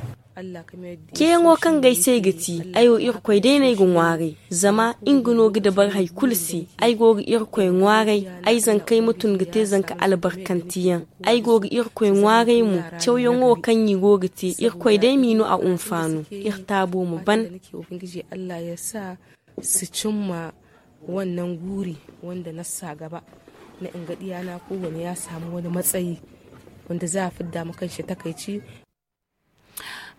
Ke ngo kan gaise gati ayo irkwai daina gun ware zama ingino gida bar hai kulsi ai gogi irkwai ware ai zan kai mutun gite zan ka albarkantiyan ai gogi irkwai ware mu cewyon wo kan yi gogite irkwai dai minu a umfanu irtabo mu ban Allah ya sa su cimma wannan guri wanda na sa gaba na ingadiya na kowane ya samu wani matsayi wanda za a fidda mu shi takaici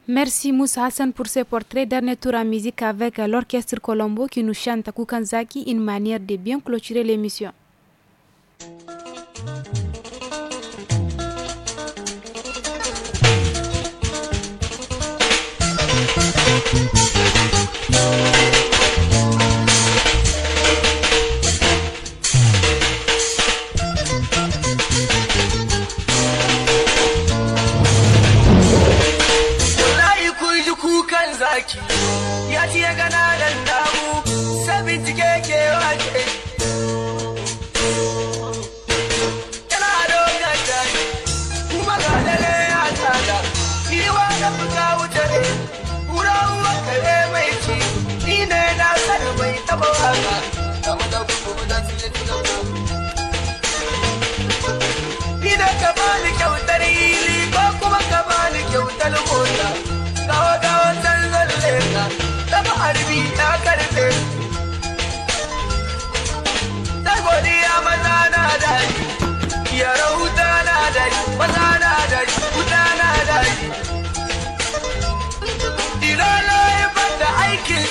Merci Moussa Hassan pour ce portrait. Dernier tour à musique avec l'orchestre Colombo qui nous chante Kukanzaki, une manière de bien clôturer l'émission. baki ya ci ya gana da damu sabin wake yana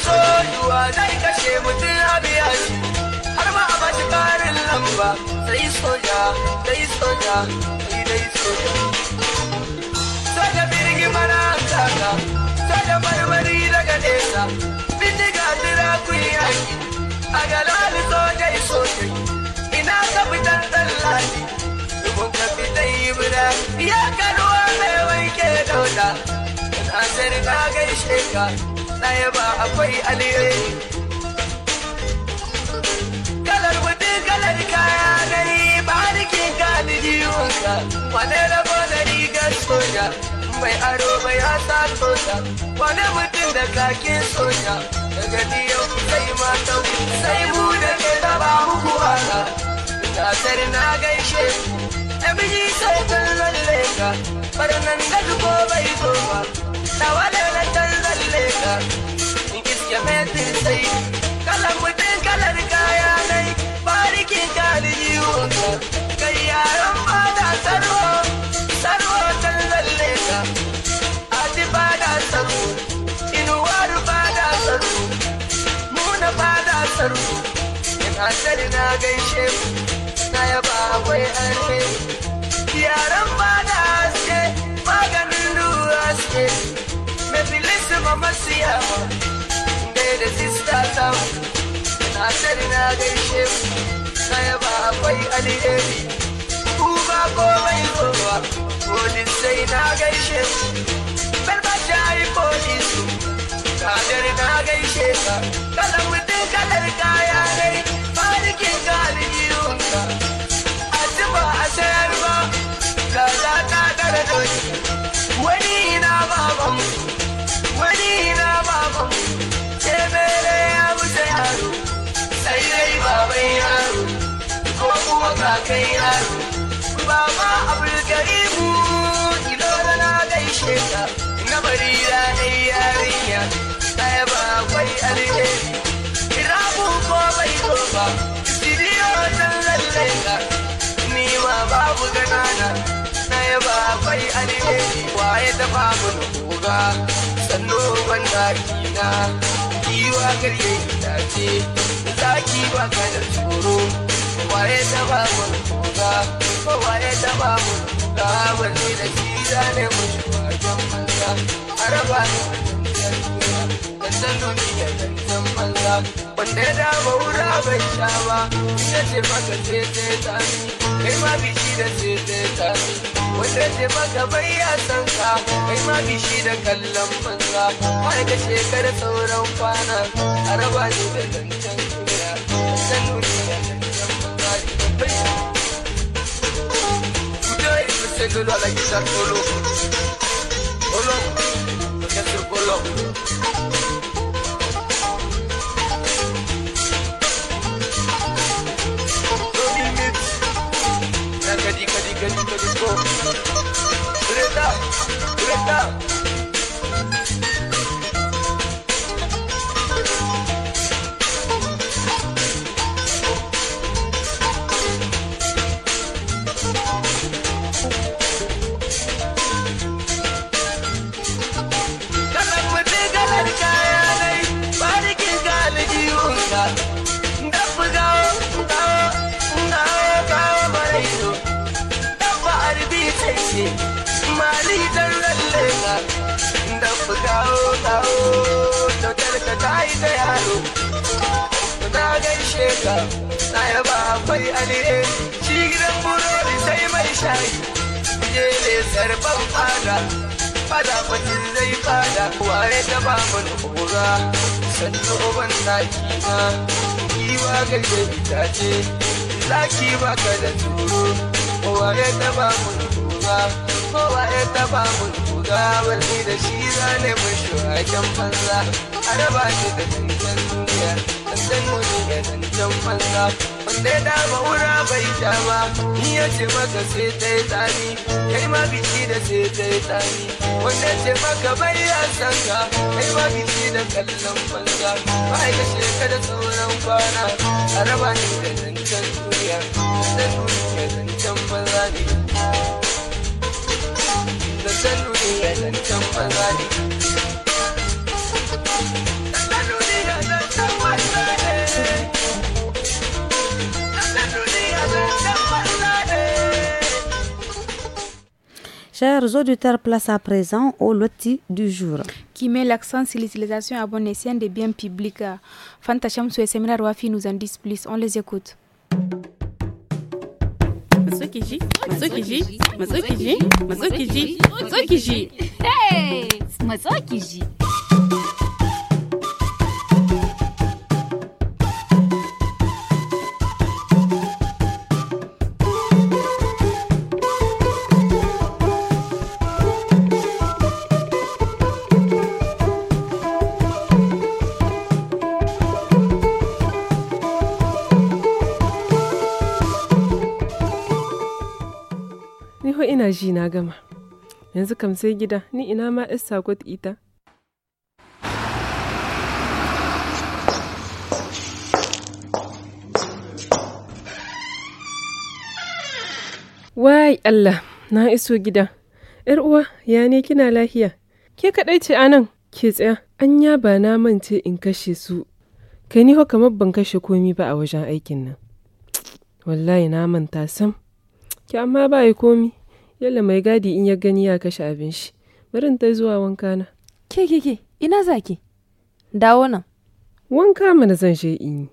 soyuwa zai kashe mutum a biya har ma a bashi karin lamba sai soja sai soja sai dai soja soja birgi mana taka soja marmari daga nesa bindiga jira ku yaki a galali soja soja ina ka fitar tallafi dubon ka yi ya kanuwa mai wanke dauda na gaishe ka ɗaya ba akwai alheri kalar kuɗi kalar kaya gani ba nake gani jiwonka wane rabo da rigar soja mai aro mai hasa soja wane mutum da kakin soja daga yau sai matan sai mu da ke taba muku hana tasar na gaishe ku emiji sai kan lalle farnan da ko bai zo ba tawale na kan leka in iske fetin sai kalan mutum kalar kaya nai barikin kali yiwonka kai yaron bada lalle ka muna na gaishe na yaba akwai harfe mama ma. da sista ta na sani na gaishe ku na akwai alheri ku ba mai zowa polis sai na gaishe ku ta yi polis kadar na gaishe ka kalan mutum kalar kaya ne malikin galibiyonka ba kai yaro baba abulkarimu ilora na gaishe ka na bari ya dai yarinya ai ba kwai alheri irabu ko bai zo ba studio dan lalle ka ni ma babu ganana ai ba kwai alheri waye da babu kuga sannu banda kina kiwa karye itace zaki baka da tsoro waye taba mun kuka ko waye taba mun kuka wani da shi da zane mu shuka can manza araba ni da duniya da sanu ni da dangan banza wanda ya dama wura bai sha ba ita ce maka ce ce tani kai ma bi shi da ce ce tani wanda ce maka bai ya san ka kai ma bi shi da kallon banza ma'aikace kada sauran kwana araba ni da dangan segül ola giden oğlum Oğlum getir oğlum Kadi kadi ba akwai alire shi gidan burodi sai mai shayi je ne sarfan fada fada mutum zai fada waye ta ba mun kura sannu uban zaki ma kiwa gaje itace zaki baka da turu waye ta ba mun kura kowa ta ba mun kura balli da shi zane mun shuhaken banza a raba shi da zancen duniya zancen mu ne zancen banza sai da ma'ura bai sha ba ni ya ce maka sai ta yi tsami kai ma biki da sai ta yi tsami wanda ce maka bai ya san ka kai ma biki da kallon banza bai da shekara sauran kwana a raba ni da zancen duniya da duniya zancen banza ne da san duniya zancen banza ne Chers auditeurs, place à présent au loti du jour. Qui met l'accent sur l'utilisation à des biens publics. Fantacham sur et nous en disent plus. On les écoute. Hey! ji na gama. Yanzu kam sai gida, ni ina ma ‘yar sako ita. Wai Allah, na iso gida. ‘Yar uwa, ya ne kina lahiya? Ke kaɗai ce anan, ke tsaya, an ya ba na mance in kashe su. Kai ni kamar ban kashe komi ba a wajen aikin nan. Wallahi na manta sam, ki amma ba yi komi. Yalla mai gadi in ya gani ya kashe abin shi. Bari ta zuwa wanka na. Ke ke ke, ina zaki? Dawo nan. Wanka mana zan je in yi.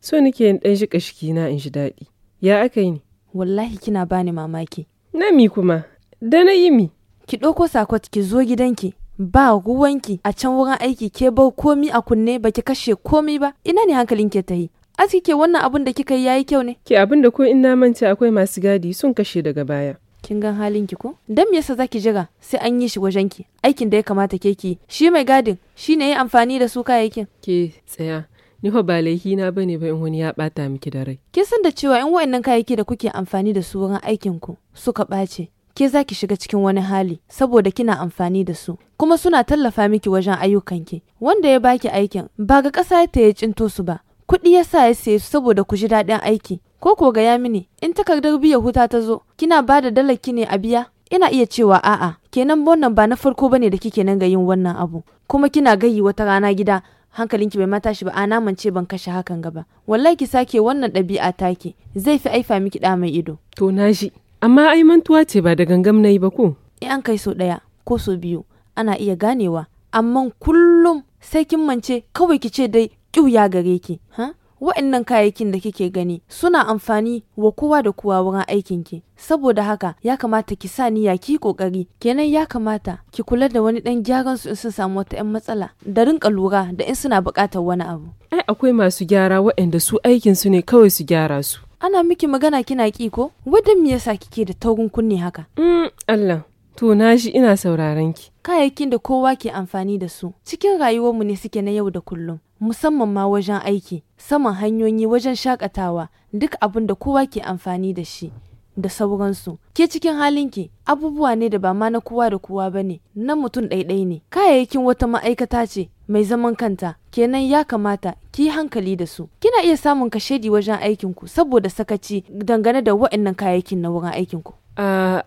So nake yin dan shika shiki na in ji daɗi. Ya aka yi ne? Wallahi kina bani mamaki. Na mi kuma, da na yi mi. Ki ɗauko sakot ki zo gidanki. Ba ruwanki a can wurin aiki ke bau komi a kunne baki kashe komi ba. Ina ne hankalin ke ta yi? Aski ke wannan abun da kika yi yayi kyau ne? Ke abin da ko in na manta akwai masu gadi sun kashe daga baya. kin gan halin ki ko dan me yasa zaki jira sai an yi shi wajen ki aikin da ya kamata ke ki shi mai gadin shi ne ya amfani da su kayayyakin ke tsaya ni fa ba laifi na bane ba in wani ya bata miki da rai ki san da cewa in wayannan kayayyaki da kuke amfani da su wurin aikin ku suka bace ke zaki shiga cikin wani hali saboda kina amfani da su kuma suna tallafa miki wajen ayyukanki wanda ya baki aikin ba ga ƙasa ta ya cinto su ba kuɗi ya sa ya saye su saboda ku ji daɗin aiki ko ko gaya mini in takardar biya huta ta zo kina ba da dalaki ne a biya ina iya cewa a'a kenan wannan ba na farko bane da kike nan ga yin wannan abu kuma kina gayi wata rana gida hankalinki bai mata shi ba a naman ce ban kashe hakan gaba wallahi ki sake wannan ɗabi'a take zai fi aifa miki da mai ido to na shi amma ai mantuwa ce ba da gangam na yi ba ko in an kai so ɗaya ko so biyu ana iya ganewa amma kullum sai kin mance kawai ki ce dai ƙiu ya gare ki ha wa'annan kayayyakin da kike gani suna amfani wa kowa da kowa wurin aikin ki saboda haka ya kamata ki sa niyya ki kokari kenan ya kamata ki kula da wani dan gyaran su in sun samu wata yan matsala da rinka lura da in suna bukatar wani abu ai akwai masu gyara waɗanda su aikin su ne kawai su gyara su ana miki magana kina ki ko wadan me yasa kike da taurin kunne haka mm Allah to na shi ina sauraron ki kayayyakin da kowa ke amfani da su cikin rayuwarmu ne suke na yau da kullum musamman ma wajen aiki, saman hanyoyi wajen shakatawa duk abin da kowa ke amfani da shi. da sauransu. Ke cikin halinki abubuwa ne da ba ma na kowa da kowa ba ne, na mutum ɗaiɗai ne. Kayayyakin wata ma'aikata ce mai zaman kanta, kenan ya kamata ki yi hankali da su. Kina iya samun kashedi wajen aikinku saboda sakaci dangane da wa'annan kayayyakin na wurin aikinku. A a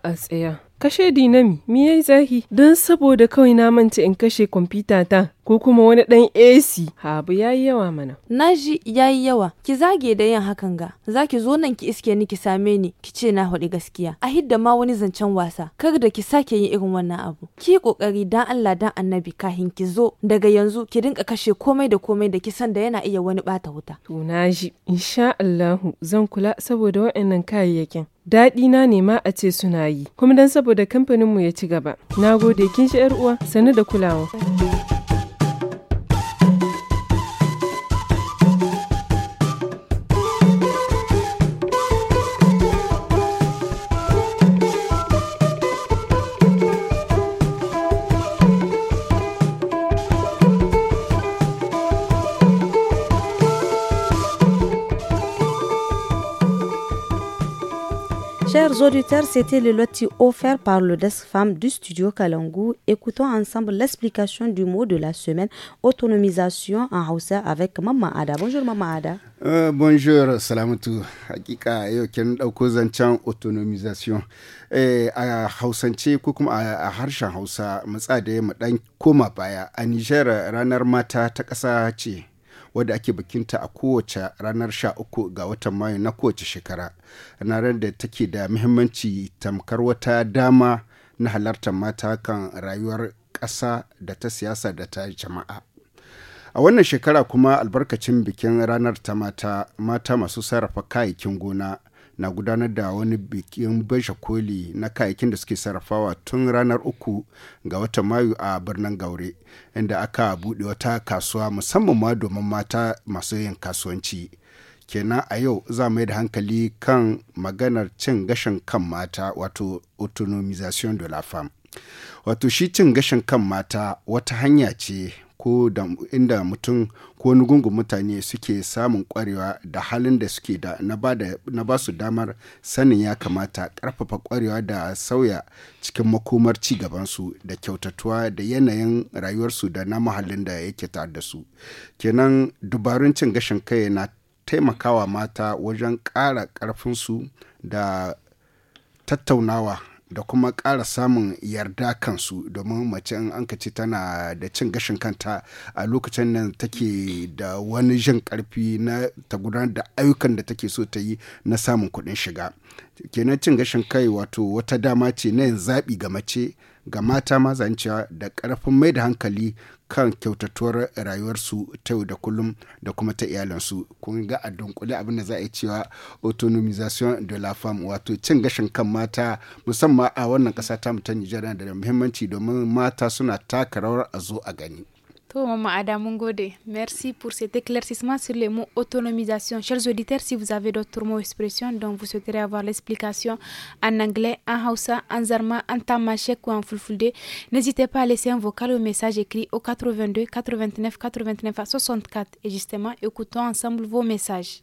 kashe dinami me yayi zahi don saboda kawai na manta in kashe kwamfuta ta ko kuma wani dan AC habu yayi yawa mana naji yayi yawa ki zage da yin hakan ga zaki zo nan ki iske ni ki same ni ki ce na haɗi gaskiya a hidda ma wani zancen wasa kar da ki sake yin irin wannan abu ki kokari dan Allah dan annabi kahin ki zo daga yanzu ki dinka kashe komai da komai da ki san da yana iya wani bata wuta to naji insha Allah zan kula saboda waɗannan kayayyakin daɗina ne ma a ce suna yi kuma don saboda kamfaninmu ya ci gaba na gode kin shi uwa sani da kulawa Chers auditeurs, c'était le loti offert par le desk femme du studio Kalangu. Écoutons ensemble l'explication du mot de la semaine, autonomisation en Hausa avec Maman Ada. Bonjour Maman Ada. Euh, bonjour Salamatu. Hakika yau kin dauko zancen autonomisation. Eh, a Hausance ko kuma a harshen Hausa matsa da koma baya. A Niger ranar mata ta ƙasa wadda ake bikinta a kowace ranar sha uku ga watan mayu na kowace shekara ranar da take da muhimmanci tamkar wata dama na halartar mata kan rayuwar ƙasa da ta siyasa da ta jama'a a wannan shekara kuma albarkacin bikin ranar ta mata mata masu sarrafa kayayyakin gona na gudanar da wani bikin baje koli na kayakin da suke sarrafawa tun ranar uku ga watan mayu a birnin gaure inda aka buɗe wata kasuwa musamman ma domin mata masu yin kasuwanci kenan a yau za mai da hankali kan maganar cin gashin kan mata wato autonomization de la femme wato shi cin gashin kan mata wata hanya ce ko inda mutum ko wani gungun mutane suke samun kwarewa da halin da suke da na ba su damar sanin ya kamata karfafa kwarewa da sauya cikin makomar ci gabansu da kyautatuwa da yanayin rayuwarsu da na muhallin da yake tare da su kenan dubarun cin gashin kai na taimakawa mata wajen ƙara ƙarfinsu da tattaunawa da kuma ƙara samun yarda kansu domin mace in an ce tana da cin gashin kanta a lokacin nan take da wani jin ƙarfi na ta gudanar da ayyukan da take so ta yi na samun kuɗin shiga kenan cin gashin kai wato wata dama ce na yin zaɓi ga mace ga mata ma zancewa da ƙarfin mai da hankali kan kyautatuwar rayuwarsu ta yau da kullum da kuma ta iyalansu kun ga a dunkule abin da za a yi cewa autonomization de la femme wato cin gashin kan mata musamman a wannan kasa ta mutan nijar da muhimmanci domin mata suna taka rawar a zo a gani merci pour cet éclaircissement sur les mots autonomisation. Chers auditeurs, si vous avez d'autres mots expressions dont vous souhaiterez avoir l'explication en anglais, en hausa, en zarma, en tamashek ou en fulfulde, n'hésitez pas à laisser un vocal au message écrit au 82 89 89 à 64. Et justement, écoutons ensemble vos messages.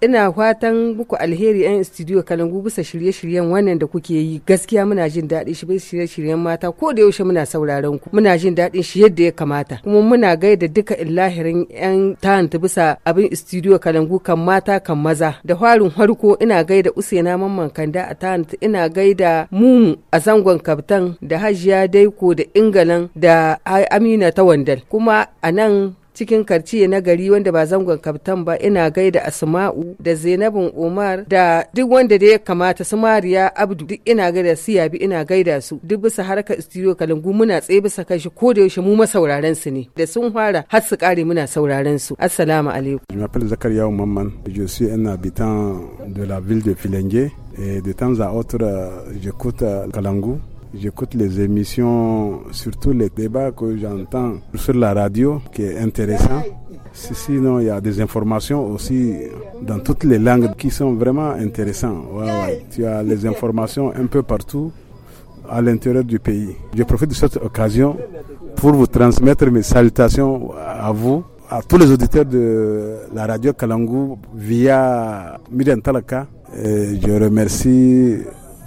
ina fatan muku alheri yan studio kalangu bisa shirye-shiryen wannan da kuke yi gaskiya muna jin daɗin shi bisa shirye-shiryen mata ko da yaushe muna sauraron ku muna jin daɗin shi yadda ya kamata kuma muna gaida duka illahirin yan tahanta bisa abin studio kalangu kan mata kan maza da farin harko ina gaida usaina mamman kanda a tahanta ina gaida mumu a zangon kaftan da hajiya daiko da ingalan da amina ta wandal kuma a nan cikin karciye na gari wanda ba zangon kaftan ba ina gaida asma'u da zainabin umar da duk wanda da ya kamata su abdu duk ina gaida su yabi ina gaida su duk bisa harkar studio kalangu muna tsaye bisa kai shi ko da yaushe mu masauraran su ne da sun fara har su kare muna sauraran su assalamu alaikum je m'appelle zakariya Oumamman je suis un habitant de la ville de filenge et de temps à autre j'écoute euh, Kalangu J'écoute les émissions, surtout les débats que j'entends sur la radio, qui est intéressant. Sinon, il y a des informations aussi dans toutes les langues qui sont vraiment intéressantes. Tu as les informations un peu partout à l'intérieur du pays. Je profite de cette occasion pour vous transmettre mes salutations à vous, à tous les auditeurs de la radio Kalangu via Myriam Talaka. je remercie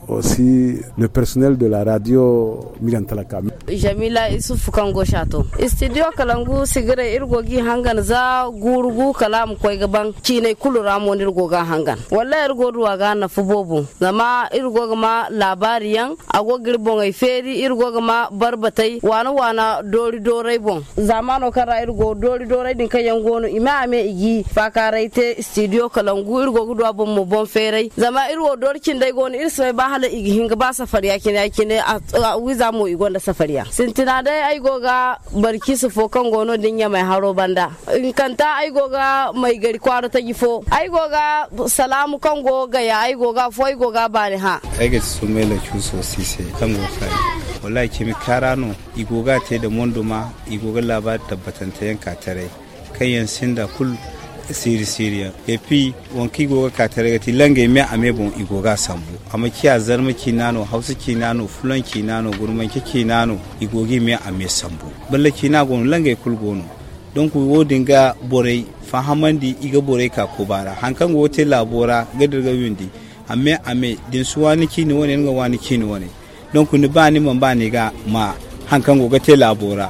aussi le personnel de la radio Milan Talaka. Jamila Isuf Kango Chato. Studio Kalangu Sigre Irgogi Hangan za Gurgu Kalam Kwegaban Chine Kuluramon Irgoga Hangan. Wala Irgodu Agana Zama Nama La Labarian Agogirbon Eferi Irgogama Barbatai Wana Wana Dori Dore Bon. Zamano Kara Irgo Dori Dore Dinkayangono Imame Igi Fakarete Studio Kalangu Irgogu Abon Mubon Ferre. Zama Irgo Dorchin Dagon Irsweba hala igihinga ba safari ya kina kine a wiza mu igon da safariya sintina dai ai goga barki su fokan gono din ya mai haro banda in kanta ai goga mai gari kwaro ta gifo ai goga salamu kan goga ya ai goga fo ai goga ba ni ha ai ga su mai la ku so si sise kan go sai wallahi mi karano igoga te da mondo ma igoga labar tabbatanta yanka tare kan yansin da kullu siri siriya ya fi wanki goga katare ti lange me ame bon igoga sambu amma a zarma ki nano hausa ki nano fulan ki nano gurman ki ki nano igogi me ame sambu balle ki na gon lange gonu don ku wodin ga borai fahamandi iga borai ka kubara hankan go te labora gadirga windi ame ame din suwani ki ni wani ga wani ki ni wani don ku ni bani man bani ga ma hankan go ga te labora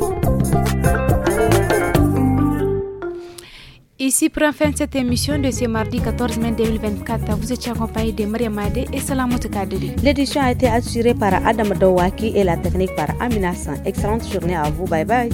Ici prend fin cette émission de ce mardi 14 mai 2024. Vous étiez accompagné de Maria Made et Salamot Kadeli. L'édition a été assurée par Adam Dowaki et la technique par Amina San. Excellente journée à vous. Bye bye.